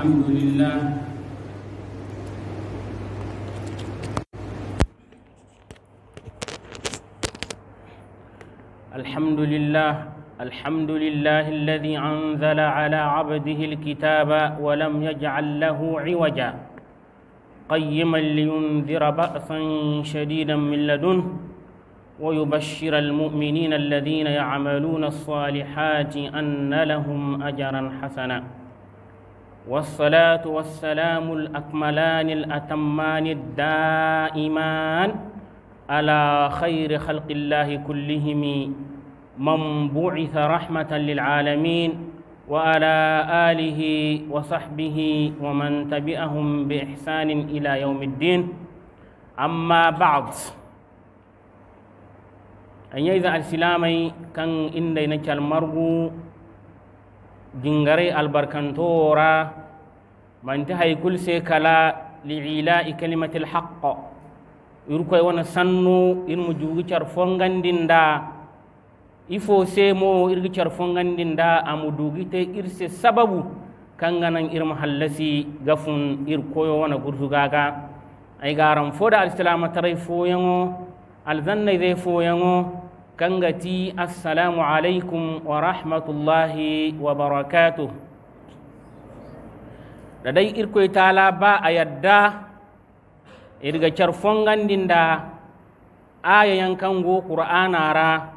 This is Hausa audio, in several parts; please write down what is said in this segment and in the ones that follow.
الحمد لله الحمد لله الحمد لله الذي أنزل على عبده الكتاب ولم يجعل له عوجا قيما لينذر بأسا شديدا من لدنه ويبشر المؤمنين الذين يعملون الصالحات أن لهم أجرا حسنا والصلاة والسلام الأكملان الأتمان الدائمان على خير خلق الله كلهم من بعث رحمة للعالمين وعلى آله وصحبه ومن تبعهم بإحسان إلى يوم الدين أما بعض أن يذا السلامي كان إن دينك المرغو jingare albarkantoora manti haykul se kala liilai kalimati lhaq irkoy wona sannu mu jugu car fongandinda i fo semo irgi car fongandinda dugi dugite irse sababu kanganan irma hallasi gafun irkoyo wona gurtugaga ay garan foda alisilama taray foyaŋo alzannay zey foyaŋo kangati assalamu alaikum wa rahmatullahi wa barakatuh da dai irkoy tala ba a yadda irga carfon gandin da ayayen kango ra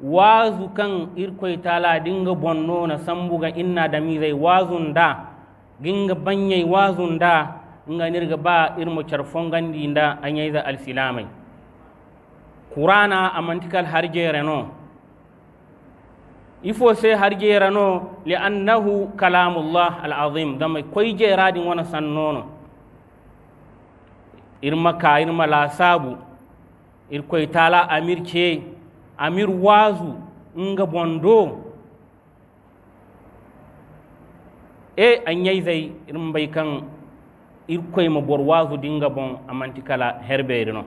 wazu kan irkoy tala dinga bonno na sambuga inna da mi wazun da ginga banyai wazun da nga nirga ba irmo carfon gandin da yi za alsilamai kurana amantikal harje reno ifo se harje reno li annahu kalamullah alazim dama koy jeeradi wona sannono irma ka irma la sabu ir koy tala amir ke amir wazu nga bondo e anyai zai irma bay kan ir koy ma bor wazu dinga bon amantikala herbeerino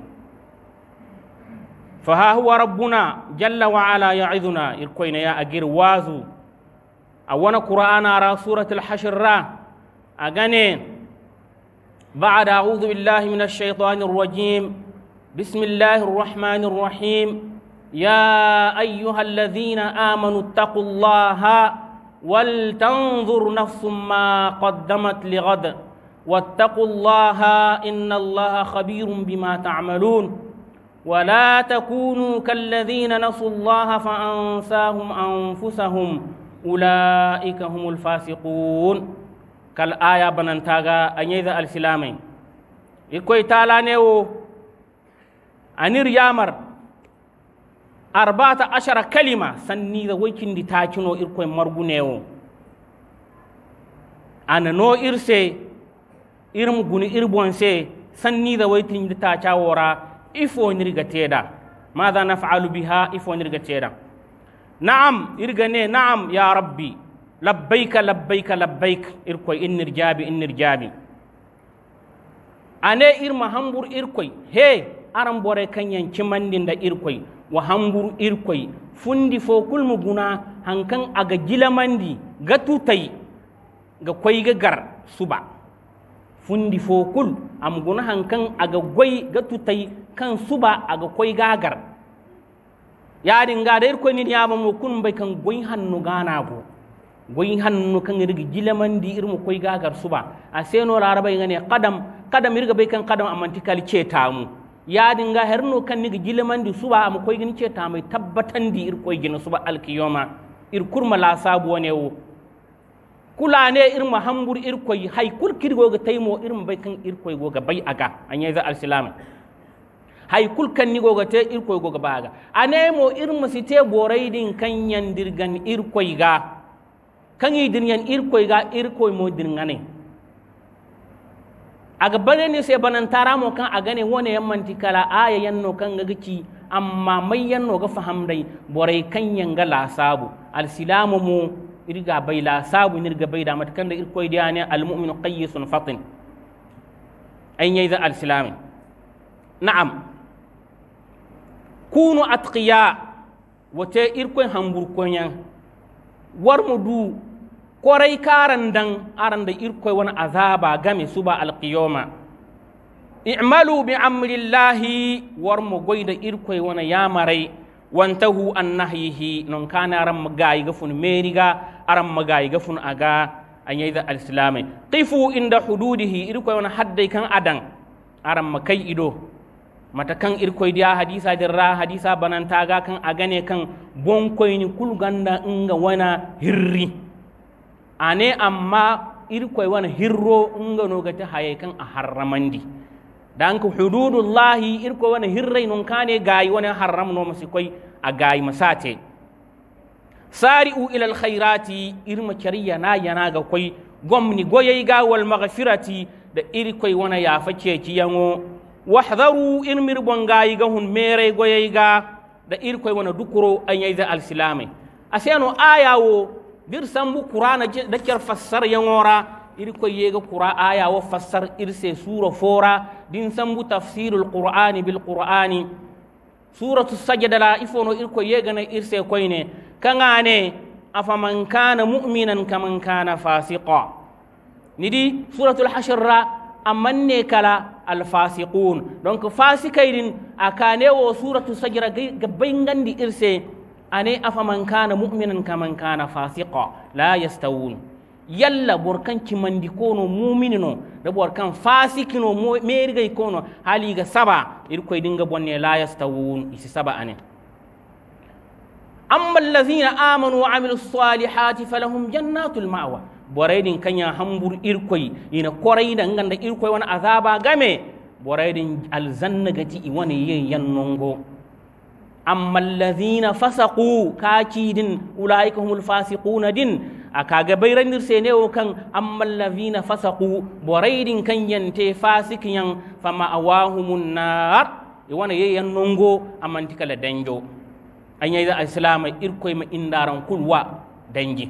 فها هو ربنا جل وعلا يعظنا يركوين يا أجير وازو أولا قرآن على سورة الحشر را أغني بعد أعوذ بالله من الشيطان الرجيم بسم الله الرحمن الرحيم يا أيها الذين آمنوا اتقوا الله ولتنظر نفس ما قدمت لغد واتقوا الله إن الله خبير بما تعملون ولا تكونوا كالذين نسوا الله فأنساهم أنفسهم أولئك هم الفاسقون كالآية بننتاغا أن يذا السلامين إكوي تالا نيو أنير يامر أربعة عشر كلمة سني ذا ويكين دي تاكينو إكوي مرغو نيو أنا نو إرسي إرم غني إربوان سي سني ذا ويكين دي تاكا ورا ifo nirga teda madha naf'alu biha ifo nirga teda na'am irga ne na'am ya rabbi labbaika labbaika labbaik irkoy innir jaabi innir jaabi ane irma hambur irkoy he aran bore kanyan kimandinda irkoy wa hambur irkoy fundi fo kulmu guna hankan aga jilamandi ga tutay ga koy ga gar suba fundi fo kul am guna hankan aga goy ga kan suba ga kwai gagar ya dinga da irkwai ni ya mu kun bai kan gwai hannu gana go gwai hannu kan irga gilaman di irma kwai gagar suba a sai no larabai ngane kadam kadam irga bai kan qadam amanti kali ce tamu yadin ga herno kan ni gilaman di suba am kwai gin ce mai tabbatan di irkwai gina gin suba alkiyoma irkur kurma la sabu ne wo kulane irma hambur irkoy hay kul kirgo ga taymo irma bai kan irkwai go ga bay aga anya za al hay kulkan ni goga te koy goga baga anemo musite site din kan yandirgan koy ga kan yi diryan koy ga koy mo ngane aga bane ni se banan taramo kan ne wone yammanti kala aya yanno kan gici amma mai yanno ga dai borai kan yanga lasabu silamu mu irga bai lasabu nirga bai da matkan da koy da ne almu'minu qayyisun fatin an yi za na'am kunu atqiya wote irkoy hamburkoyan warmu du korai karan dan aranda irko wani azaba game suba alqiyoma i'malu bi amrillahi warmo goida irkoy wani yamaray wantahu an nahyihi non kana aran magayiga fun meriga aran magayiga fun aga anyayda alislamai qifu inda hududihi irko wona hadday kan adan aran makai ido mata kan irkoy hadisa dirra hadisa bananta ga kan agane kan bonkoy ni kulganda inga wana hirri ane amma irkoi wana hirro inga no gata haye kan a harramandi dan ku hududullahi irkoi wana hirrai nun kane gayi wana haram no masikoy a gayi masate sari'u ila alkhairati irma kariya na yana ga kwai gwamni goyai ga wal maghfirati da irkoi wana yafa keki yango wahdaru in mir ga hun mere goyayga da irkoy wona dukuro anyayda alsilame aseno aya wo bir sambu qur'ana da kyar fassar yangora irkoy yega qur'a aya wo fassar irse sura fora din sambu tafsirul qur'ani bil qur'ani suratu sajda la ifono irkoy yega na irse koyne kangane afaman kana mu'minan kaman kana fasiqa nidi suratul hashr amanne kala alfasiqun donc fasikairin akane wo suratu sajira gandi irse ane afaman kana mu'minan kaman kana fasiqa la yastawun yalla borkan kimandi kono mu'minino da fasikino merigay kono haliga saba irkoy dinga bonne la yastawun isi saba ane amma allazina amanu wa amilus salihati falahum jannatul ma'wa boraydin kanya hambur irkoy ina da ganda irkoy wani azaba game boraydin alzanna gati i wani ye yannongo amma allazina fasaqu kakidin ulaika humul din a kaga bayrandir sene o kan amma na fasaqu boraydin kan yante yan. fama awahumun nar i wani ye yannongo amantikala danjo anyayda islamay irkoy ma indaran kulwa danji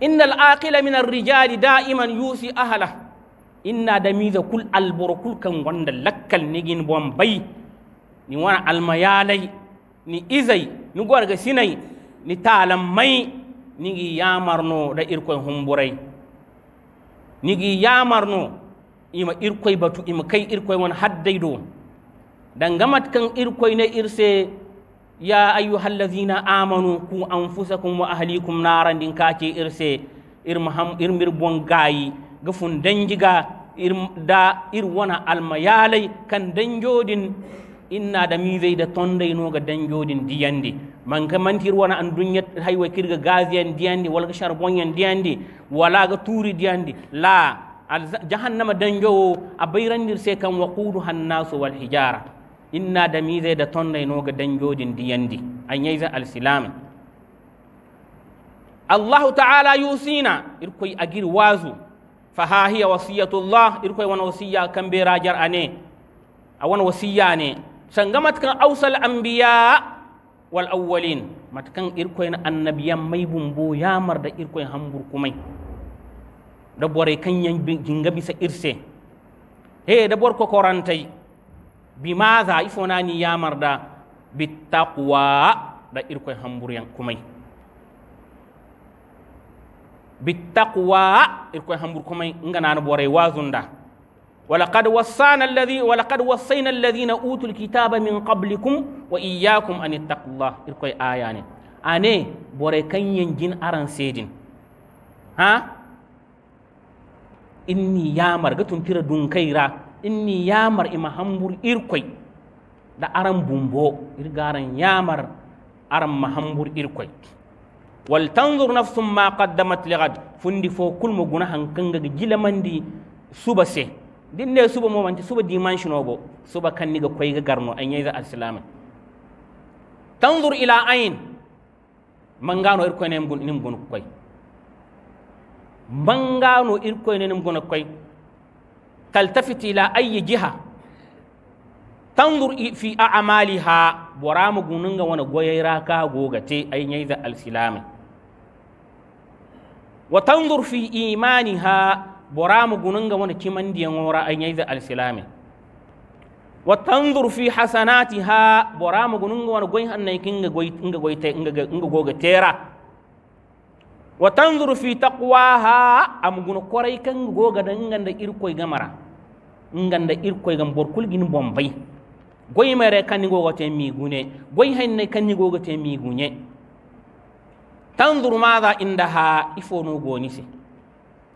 innal aqila min ar-rijali da'iman yusi ahla inna da miza kul albor kul kan wanda lakkal nigin bombay ni wana almayalai ni izai ni gorga ni talamai nigi yamarno da irkon humburai nigi yamarno ima irkoi batu ima kai irkoi wani haddaido dangamat kan irkoi na irse ya ayyuhal ladzina amanu ku anfusakum wa ahlikum na randin kake irse irmaham irmir bongayi gafun dangiga ir da ir wana almayalai kan danjodin inna da mizai da tondai no ga danjodin diyandi man ka mantir wana an dunya haywa kirga gazian diyandi wala sharbonyan diyande wala ga turi diyande la jahannama danjowo a bayrandir se kan wa kudu hannasu wal hijara inna da zai da tonnai no ga dangojin diyandi an yi za alsilam Allahu ta'ala yusina irkoi agir wazu fa ha hiya wasiyatullah irkoi wani wasiya kan be rajar ane a wani wasiya ne sanga matkan ausal anbiya wal awwalin matkan irkoi na annabiyan mai bumbo ya da irkoi hambur kumai da bore kan jinga bisa irse he da bor ko korantai bimaza ni ya bittaqwa da irkoy hamburyan kumay bittaqwa irkoy hambur kumay nganano bore wazunda ولقد وصانا الذي ولقد وصينا الذين اوتوا الكتاب من قبلكم واياكم ان اتقوا الله ne. A ne, bore kanyen jin aran sedin ha inni yamar gatun tira dunkaira inni yamar ima hambur irkwai da aran bumbo irgaran yamar aran mahambur irkwai wal tanzur nafsun ma qaddamat ligad fundi fo kulmo guna hankan ga gilamandi suba se dinne suba mo manti suba dimanshi nogo suba kanni ga koy ga garno an yayi al-islam tanzur ila ayn mangano irkoi ne nim gun koy mangano irkwai ne nim gun koy تلتفت إلى أي جهة تنظر في أعمالها ورام جنونغا وانا غويراكا غوغتي أي نيذا السلام وتنظر في إيمانها ورام جنونغا وانا كمان ديانورا أي نيذا السلام وتنظر في حسناتها ورام جنونغا وانا غويها نيكينغا غويتينغا غويتينغا غوغتيرا وتنظر في تقواها أم جنو كوريكا غوغا دنغا إيركوي غمرا nganda irkoy gam bor kulgin bombay goy mere kanigo gote mi gune goy kanni kanigo gote mi gune tanzuru madha indaha ifono goni se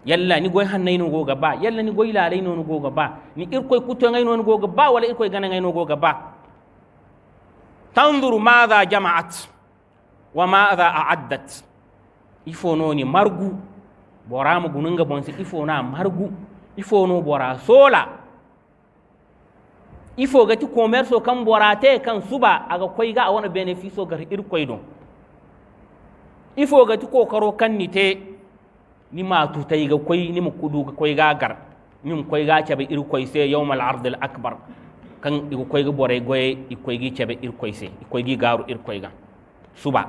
yalla ni goy hanne no goga ba yalla ni goy lalay no goga ba ni irkoy kutto ngay no goga ba wala irkoy gana ngay no goga ba tanzuru madha jama'at wa madha a'addat ifono ni margu bora mu gununga bonse ifono margu ifono bora sola ifo gati commerce kan borate kan suba aga koi ga wani beneficio gar ir koi don ifo gati kokaro kan nite ni ma tutai ga koi ni mu kudu ga koi ga gar min koi ga cebe ir koi se yawmal ardil akbar kan igo koi ga bore goye koi gi cebe ir koi se koi gi garu ir koi ga suba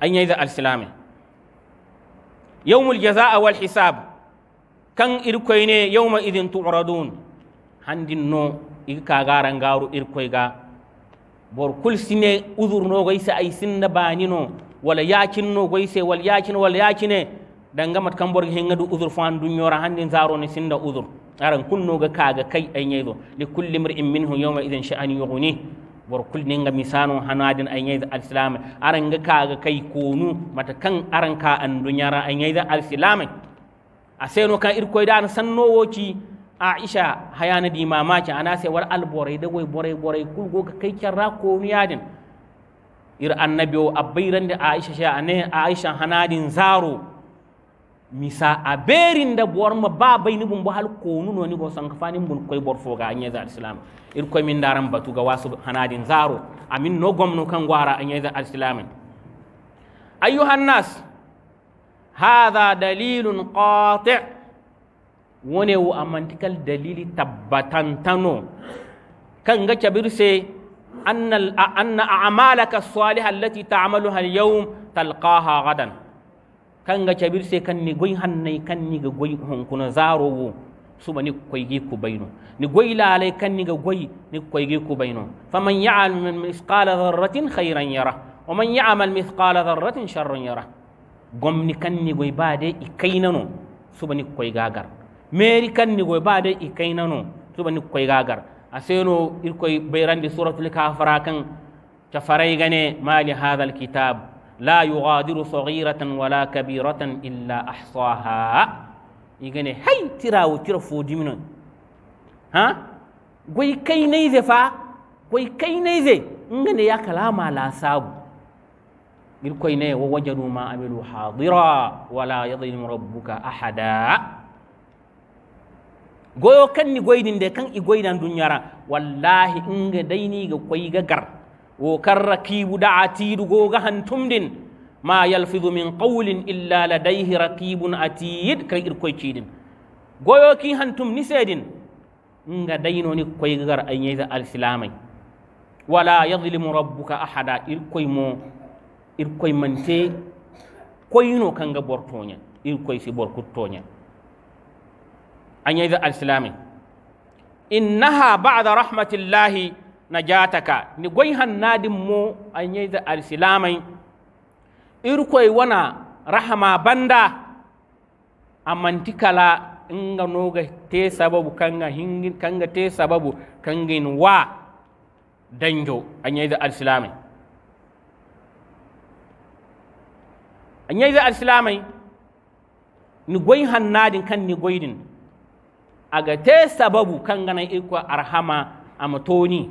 an iza da alsilami yawmul jaza'a wal hisab kan koi ne yawma idin tu'radun handin no iga kagaran garu irkoi ga bor kul sine uzur no goise ay sinna no, wala yakin no isa wal yakin wal yakine danga mat bor hinga du uzur fan du nyora handin zaro ne sinda uzur aran no ga kaga kai ay nyaido li kulli mar'in minhu yawma idhin sha'ani yughni bor kul ne nga misano hanadin ay nyaido al islam aran ga kaga kai konu mata kan aran ka an dunyara ay nyaido al islam aseno kan irkoy dan sanno woci aisha hayana di mamaki ana sai war alborai da wai borai borai kul go ka kai kira ko yadin ir annabiyo abairan da aisha sha ne aisha hanadin zaro misa a berin da bor ma ba bai ni bun hal nu no ni go san kafanin bun koi bor foga anya za islam ir ko min daran batu ga wasu hanadin zaro amin no gomno kan gwara anya za islam ayyuhan nas hadha dalilun qati' wone wo amantikal dalili tabbatantano ga cabirse anna anna a'malaka salihah allati ta'maluha al-yawm talqaha gadan kan kanga cabirse ni goy hannai kan ni ga goy honkuno zaro wo suba ni koy gi ku bayno ni goy la kan ni ga goy ni koy gi ku bayno faman ya'al min misqala dharratin khayran yara wa man ya'mal mithqala dharratin sharran yara gomni kan ni goy bade ikaynano suba ni koy koygagar meri kan ni goy bade i kainano tuba ni koy gagar aseno ir koy bayrandi suratul kafara kan ta farai gane mali hadha alkitab la yughadiru saghiratan wala kabiratan illa ahsaha igane hay tirawo tira fodimino ha goy kainai ze fa goy kainai ze ngane ya kalama la sabu ir koy ne wa wajadu ma amilu hadira wala yadhlimu rabbuka ahada goyo kan ni goyin de kan i goyin dunyara wallahi inga daini ga koy ga gar wo kar kibu da atidu go ga hantumdin ma yalfidu min qawlin illa ladayhi raqibun atid kai ir koy cidin goyo ki hantum ni sedin inga daino ni koy ga gar al alislamai wala yadhlimu rabbuka ahada ir koy mo ir koy mante koyno kanga bortonya ir koy si borkuttonya an yi alislami rahmatin lahi na jataka ni gwai hannadin mu. an yi alislami irkwai wana rahama banda in ga noga te sababu kanga hingin kanga te sababu kangin wa danjo anyai da alislami anyai da alislami ni gwai hannadin kan ni goyin aga te sababu kan kangana irko arhama matoni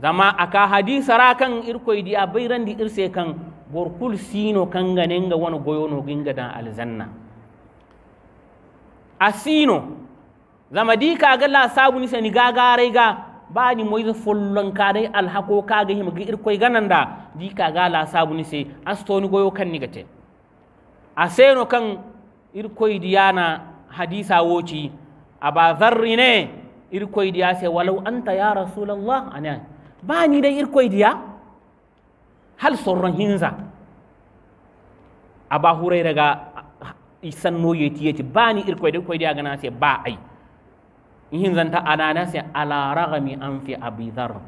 zama aka hadisa ra kan irko idi a bayran di irse kan borkul sino kangane ga wani no ginga dan A sino zama di ka ga la sabu ni sani gagare ga ba ni moy follon ka dai alhako ka ga him ga irko da di ka ga la sabu ni sai astoni goyo kan ni gate seno kan irko yana hadisa woci A ba zarri ne irkoy diya sai walau anta ya a anan ba ni dai irkoy diya hal sauran hinza a ba hurai daga ah, isan noye tiye yeti ba ni irkoi da irkoy diya gana sai ba ai in ta ana na sai ala ragami an fi abi zarra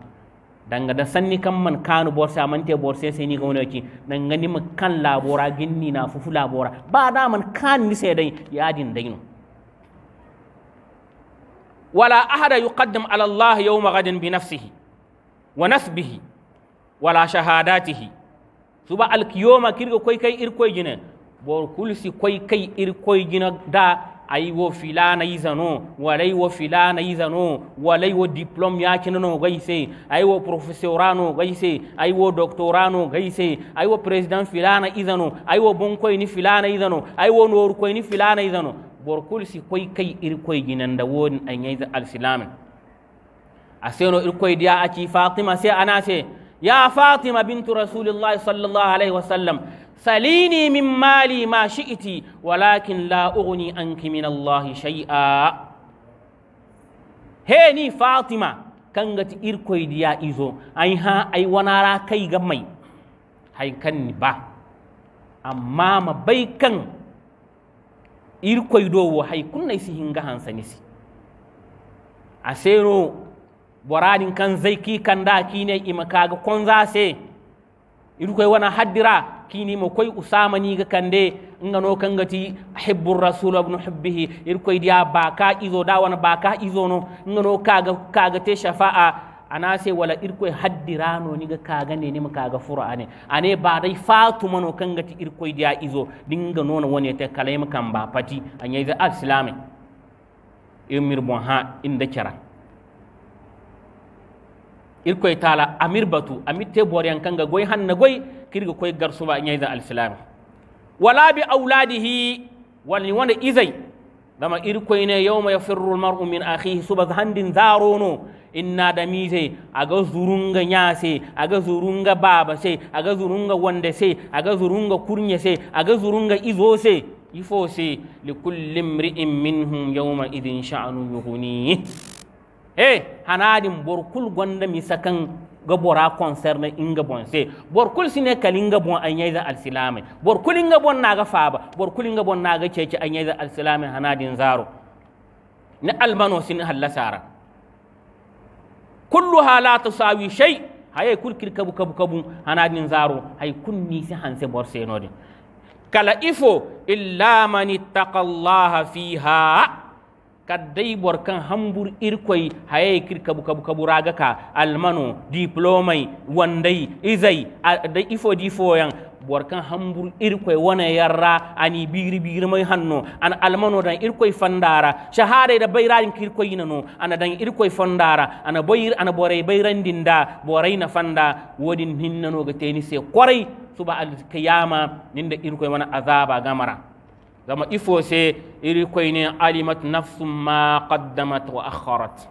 danga da sanni kan man kanu man te borse sai ni gona ki danga ni kan labora ginni na fufu labora ba da man kan ni sai dai yadin daino wala ahada yuqaddim ala Allah yawma ghadin bi wa nasbihi wala shahadatihi suba alkiyoma kirga kai kay ir kai gina bor kulsi koy kay ir koy gina da ay wo filana izano walay wo filana izano walay wo diplôme yakinano gayse ay wo professorano gayse ay wo doctorano gayse ay wo président filana izano ay wo bonkoy ni borkul kwai koy kay irkoy ginanda woni a ñaysa alsilamen a seno irkoy diya aci fatima se ana se ya fatima bintu rasulillahi sallallahu alaihi wa sallam salini min mali ma shi'ti walakin la ugni anki min allahi shay'a ni fatima kangati irkoy diya izo ay ha ay wonara kay gammay hay kanni ba amma ma bai kan irkoyɗowo hay kunnay si hinga hansanisi a seno boraɗin kan zey ki kanda kine ima kaga konza se irkoy wona haddira mo koye usama ga kande ngano kangati hibbu rasul ibn hubbihi irkoy diya baka izo da wona baka isono ngano kaga kaga te shafa'a ana se wala irkoy ni ga kaga ne nima kaga fura ane ane ba dai fatu mano kanga ti irkoy dia izo dinga nono wone te mu kan ba pati anya da al islam imir bon ha inda kira irkoy tala amir batu amir te boryan kanga goy na goy kirga koy suba anya da al islam wala bi auladihi wal wanda izai zama irkoy ne yawma yafirru al-mar'u min akhihi suba handin zarono inna damise aga zurunga nyase aga zurunga baaba se aga zurunga wande se aga zurunga kurɲe se aga zurunga izo se ifo se likulli imri'in minhum yawma idin sha'nu yughni hey eh, hanadin borkul gonda kaŋ ga bora concerne inga boŋ se borkul sine kalinga bon anyaiza alsilame borkul inga bon naga faba borkul inga bon naga cece anyaiza alsilame hanadin zaro ni albano sin hallasara kulluha la shai. shay haye kulkir kabu kabu kabu hanagin zaro hay kunni si hanse borse nodin kala ifo illa man ittaqallaha fiha kaddai borkan hambur irkoi haye kir kabu kabu kabu ragaka almano diplomai wandai izai da ifo difo yan borkan hambur irkoy wana yarra ani biri biri mai hanno an almano dan irkoy fandara shahada da bayran kirkoy yinano ana dan irkoy fandara ana boyir ana boray bayran dinda boray na fanda wodin hinnano ga teni se korai suba al qiyama ninda irkoy wana azaba gamara zama ifo se irkoy ne alimat nafsum ma qaddamat wa akharat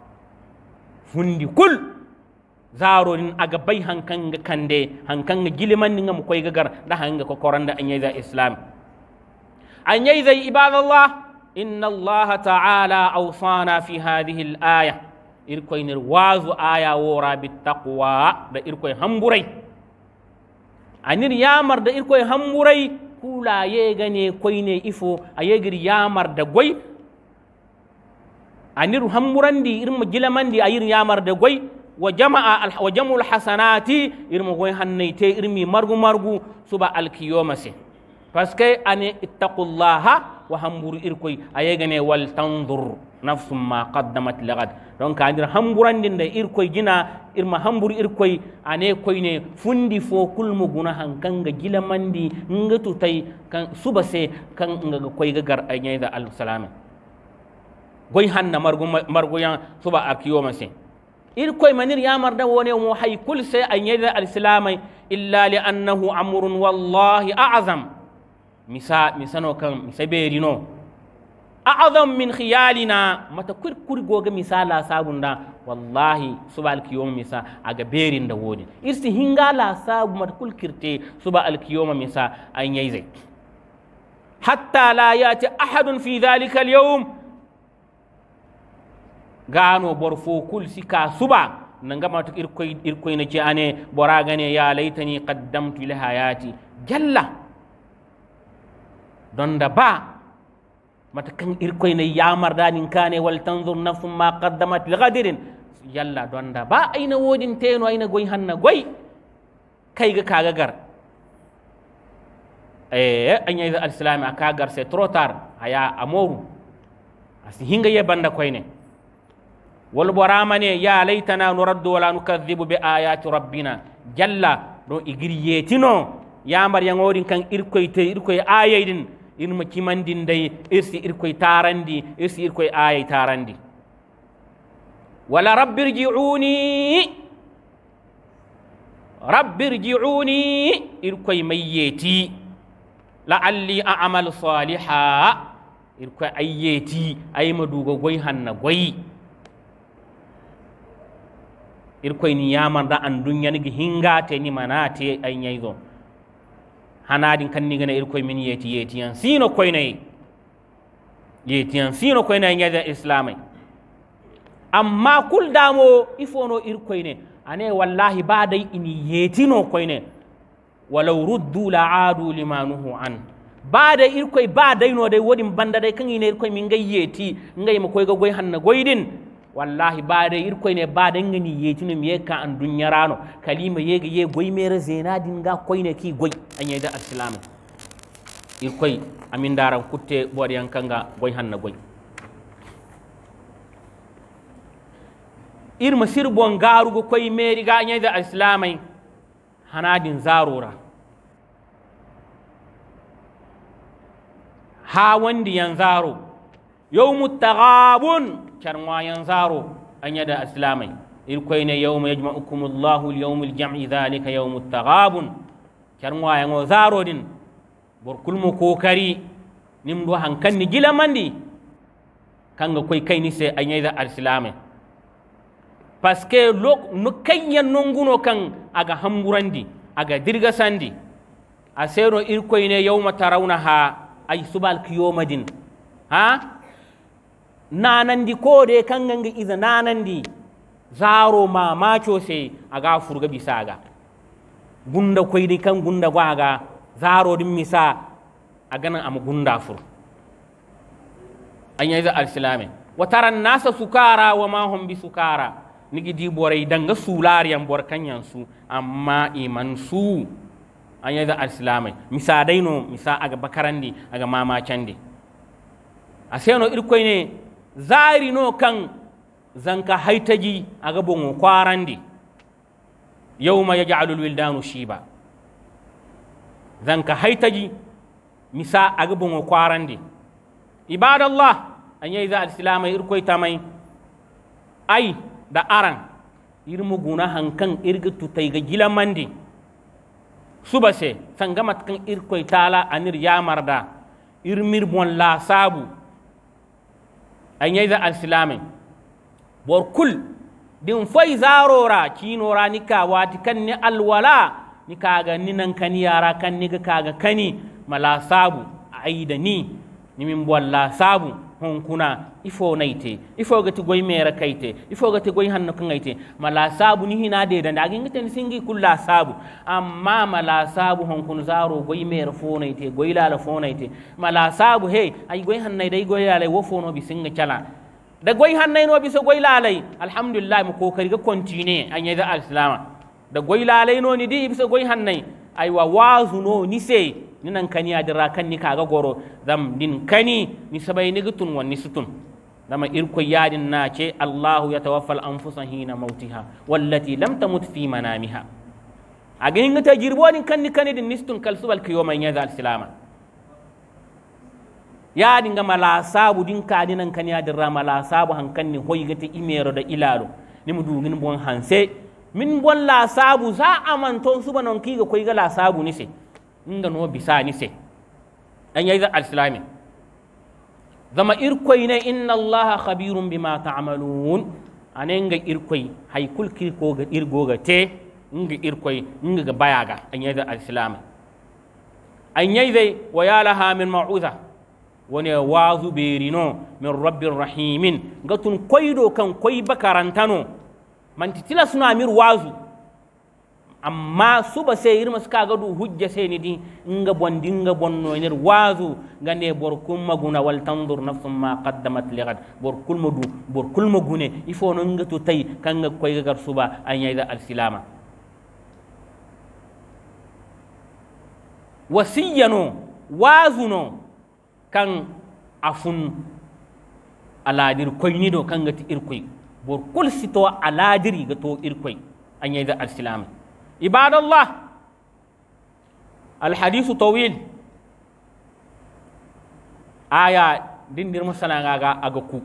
fundi kul zaronin aga bai ga kande hankan ga giliman ninga mu koy gagar da hanga ko da anyai za islam anyai za ibadallah inna allah ta'ala awsana fi hadhihi al-aya irkoy nir wazu aya wora bit taqwa da irkoy hamburai anir yamar da irkoy hamburai kula yega ne koy ne ifo ayegir yamar da goy anir hammurandi irma gilamandi ayir yamar da goy wa jama'a wa jamul hasanati irmu goy hannaite irmi margu margu suba alkiyomase parce que ani ittaqullaha wa hamburu irkoy ayegane wal tanzur nafsum ma qaddamat lagad donc andir hamburandinde irkoy jina irma hamburu irkoy ane koyne fundi fo kulmu guna han kanga gilamandi nga tutay kan suba se kan nga koy gagar ay da al salama goy hanna margu margu yan suba akiyomase irkoy manir yamarda wone mo hay kul se a ñeyda alislama illa li annahu amrun wallahi azam misa misano kan misa ɓeerino azam min khiyalina mata kur kurgoga misala sabunda wallahi suba alkiyoma misa aga da woni irsi hinga la sabu mata kul kirte suba alkiyoma misa a ñeyde hatta la yati ahadun fi dhalika alyawm gano borfo kul sika suba nan gama ta irkoy na ne bora gane ya laitani qaddamtu li hayati jalla da ba mata kan irkoy ya yamar danin kane wal tanzur sun ma qaddamat li yalla yalla da ba aina wodin teno aina gwai hannu gwai kai ga kaga gar yi eh, anya al islam a kagar se trotar ya amoru a hinga ye banda koyne ne wolɓoramane ya laytana nuraddu wala nukadibu be ayati rabbina jalla ɗon igir yeetino yamaryaŋorin kan irkoye te irkoye ayey ɗin irma kimandinday irsi irkoye tarandi irsi irkoye ayey tarandi wala rabbirjiuni rabbirjiuni irkoye may yeeti la'alli a'malu saliha irkoye ay yeeti ayma duugo goy hanna goyi irkoy ni yamarda an dunyanigi hingate ni manate ay ñaydo hanadin gane irkoy min yeti yeti yeetiyan sino yeti yeetiyan sino koynayi ñayda islamay amma kul damo ifono no irkoyne ane wallahi yeti ini yeetino koyne walau ruddu la adu lima nuhu an ba irkoy badayno dai wodin banda dai kan ina irkoy min ngay yeeti ngay ma goy hanna goydin wallahi baade irkoyne baden gani yetinum ye ka an rano. kalima ga ye goy mere din ga ne ki goy da alislami irko amin daran kutte bor yankanga goy hanna goy irma garu go koy meri ga anyeda alislamai hanadin zarora ha wandi yan zaro yawmu taghabun karwayan zaro an yada islamai irkoyne yawma yajma'ukum Allahu al-yawm al-jam'i dhalika yawm at-taghabun karwayan zaro din borkul mu kokari nim do hankan ni gila mandi kanga kai kayni se an yada islamai parce que lok no kayyan nonguno kan aga hamburandi aga dirga sandi a sero irkoyne yawma tarawna ha ay subal kiyomadin ha nanandi kan kangange ida nanandi zaro ma maco se aga furga bisaga gunda dai kan gunda gwaga din misa aganan am gunda fur anyaiza alsilame wa taran nasa sukara wa ma hum bi sukara nigi di boray danga am bor kanyansu amma iman su. an yanzu alsilamai misa daino misa aga bakarandi aga mama a sai no irkoi ne zari no kan zanka kwaran di yau kwarandi ya ja'alul wildanu ba zanka haitaji misa gabon kwaran kwarandi ibadallah yi za alislama ta mai ai da aran irmu guna hankan irga tutai ga gilamandi gama sangamat kan irkoy tala anir marda irmir bon la sabu an yi za an silamin bor kul din fai zarora kinora ni ka wati kan ni alwala ni kaga ni nan kani yara kan ni kaga kani mala sabu aida ni ni min bwalla sabu hun ifo naite ifo gati goy mera kaite ifo gati goy hanno kangaite mala sabu ni hina de dan agin ten singi kulla sabu amma mala sabu hon kun zaro goy mera fo naite goy lala fo naite mala sabu he ay goy hanna dai goy lala wo fo no bi singa chala da goy hanna no bi so goy lalai alhamdulillah mu kari ga continue anya da alislama da goy lalai no ni di bi so goy hanna ay wa wazu no ni sei nan kani adira kan ni kaga goro zam din kani ni sabai ni gutun wan ni sutun dama irko yadin na ce Allahu ya tawaffal an hina ha, wallati lamta mutu fi mana manamiha a ganin ta girbo ni kanni kanni din nistun kalsu bal kiyoman ya zal silama ya din ga mala sabu din ka din nan kan ya din rama la sabu han kanni ga ta imero da ilalo ni mudu ngin bon hanse min bon lasabu za a ton su banon ki ga ga lasabu nise, inda no bisa nise. se an yayi zal silamin zama irkwai ne inna Allah khabirun bima ta'malun anen ga irkwai haikulki ko ga irgo ga te inga irkwai inga ga bayaga anyai da al-islam anyai dai wa ya laha min ma'uza wani wazu berino min rabbin rahimin ga tun kwaido kan kwai bakarantano mantitila suna mir wazu amma suba seyirma sukaga du hujja seni ɗi nga bondi nga bonno ner wazu gane bor kulma guna wal tandur nafsum ma qaddamat ligad bor kulma du bor kulma gune il faut no nga to tay kanga koygagar suba an yayda al wasiyya no wazu no kan afun aladir koyni ɗo kangati irkoy bor kul sito aladiri ga to irkoy an al alsilama ibada alhadisu tawil aya din dir musana ga aga ku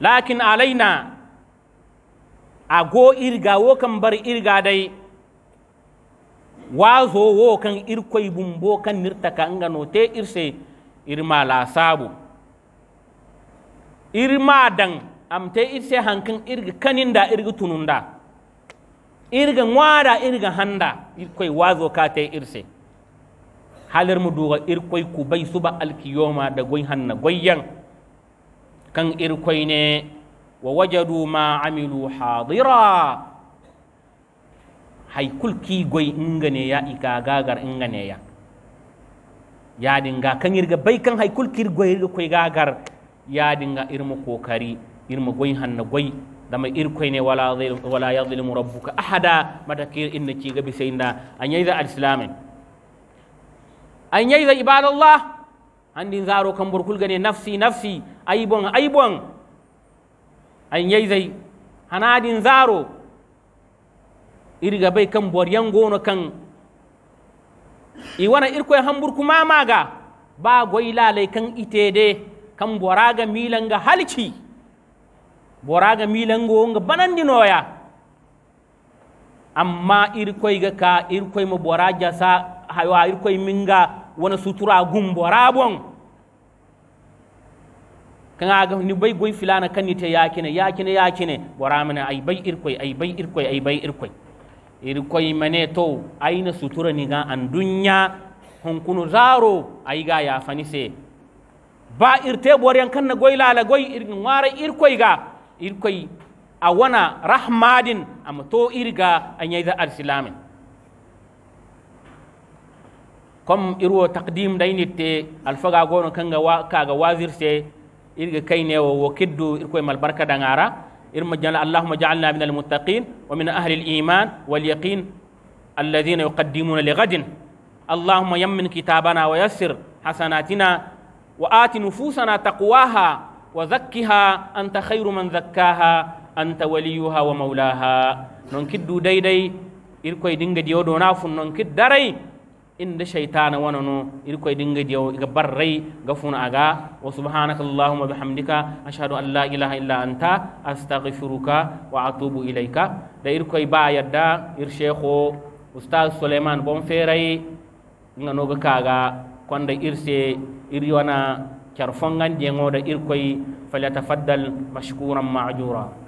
lakin alaina ago irga wo kan bar irga dai wazo wo kan irkoi bumbo kan nirtaka anga no irse irma la irma dan am te irse hankan irga kaninda irga tununda irga ŋwara irga handa irkoy wazo kate irse halir mu duga irkoy kubai suba alkiyoma da goy hanna goyyan kan irkoy ne wa wajadu ma amilu hadira hay kulki goy ingane ya ika gagar ingane ya dinga kan irga bay kan hay kulki goy irga koy gagar yadinga irmu kokari irmu goy hanna goy dama irkoyne wala wala yadlimu rabbuka ahada mata kir inna ciga bi seynda a ñayda alislamen a ñayda ibadallah andi zaro kam burkul gane nafsi nafsi aibon bon ay bon ay ñayday hana adin zaro irga bai kan bor yangono kan i wana irkoye hambur kuma maga ba goyi lalai kan itede ga milan ga halici boraga milango nga noya. amma ga ka irkoy mo bora jasa hawa irkoy minga wona sutura gum bora bon kanga ga ni bai goy filana kanite yakine yakine yakine bora mana ay bai irkoy ay bai irkoy ay bai irkoy irkoy mane to aina sutura ni ga an dunya kunu zaro ay ga ya fanise ba irte boryan kan na goy lala goy irin wara irkoy ga irkoi awana rahmadin amto irga anyaida ñayda arsilamin comme irwo taqdim dainite alfaga gono kanga wa kaga wazirse irga kayne wo wo mal barka dangara irma jalla allahumma ja'alna min almuttaqin wa min ahli aliman wal yaqin alladhina yuqaddimuna li ghadin اللهم يمن كتابنا ويسر حسناتنا وآت نفوسنا تقواها وذكها أنت خير من زكاها أنت وليها ومولاها ننكد دي دي داي إلكوي ديو دونا فن نونكد داري إن شيطان وننو إلكوي دينغ ديو ري غفون أغا وسبحانك اللهم بحمدك أشهد أن لا إله إلا أنت أستغفرك وأتوب إليك دا إلكوي با يدا إرشيخو أستاذ سليمان بومفيري نغنوغ كاغا دا إرسي إريوانا kerfongan da irkoy falyatafaddal mashkuran ma'jura